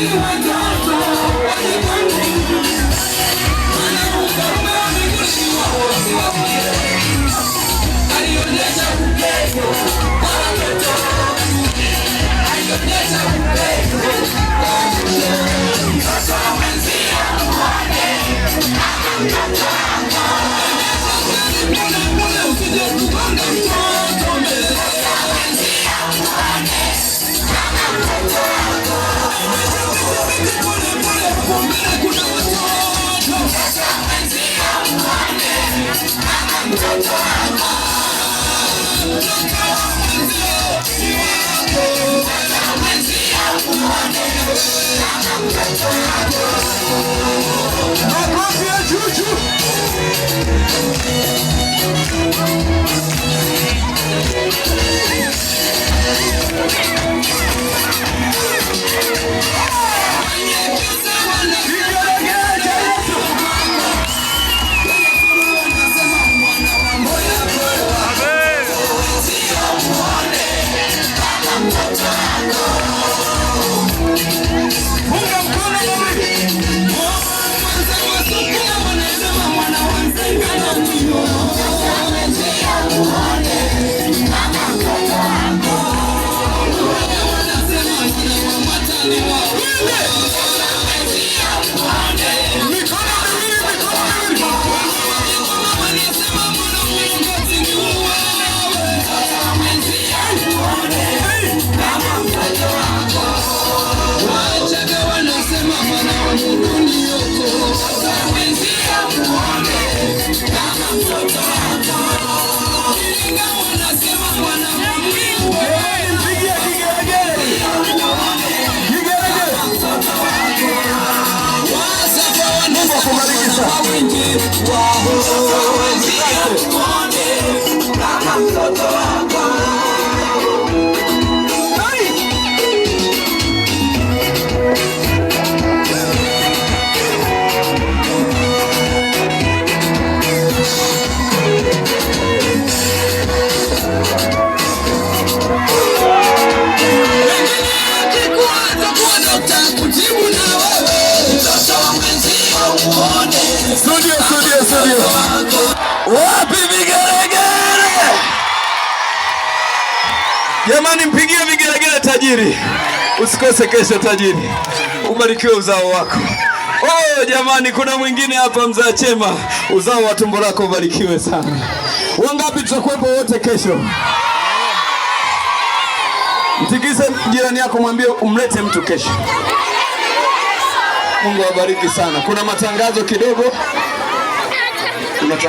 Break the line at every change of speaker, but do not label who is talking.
you, my God. Makofi ya
Una, una, una, kumbariki sana. Wapi vigelegele? Jamani, mpigie vigeregere tajiri. Usikose kesho tajiri, ubarikiwe uzao wako. Oh, jamani, kuna mwingine hapa mzaa chema, uzao wa tumbo lako ubarikiwe sana. Wangapi tutakuwepo wote kesho? Mtikise jirani yako, mwambie umlete mtu kesho. Mungu awabariki sana. Kuna matangazo kidogo. Kuna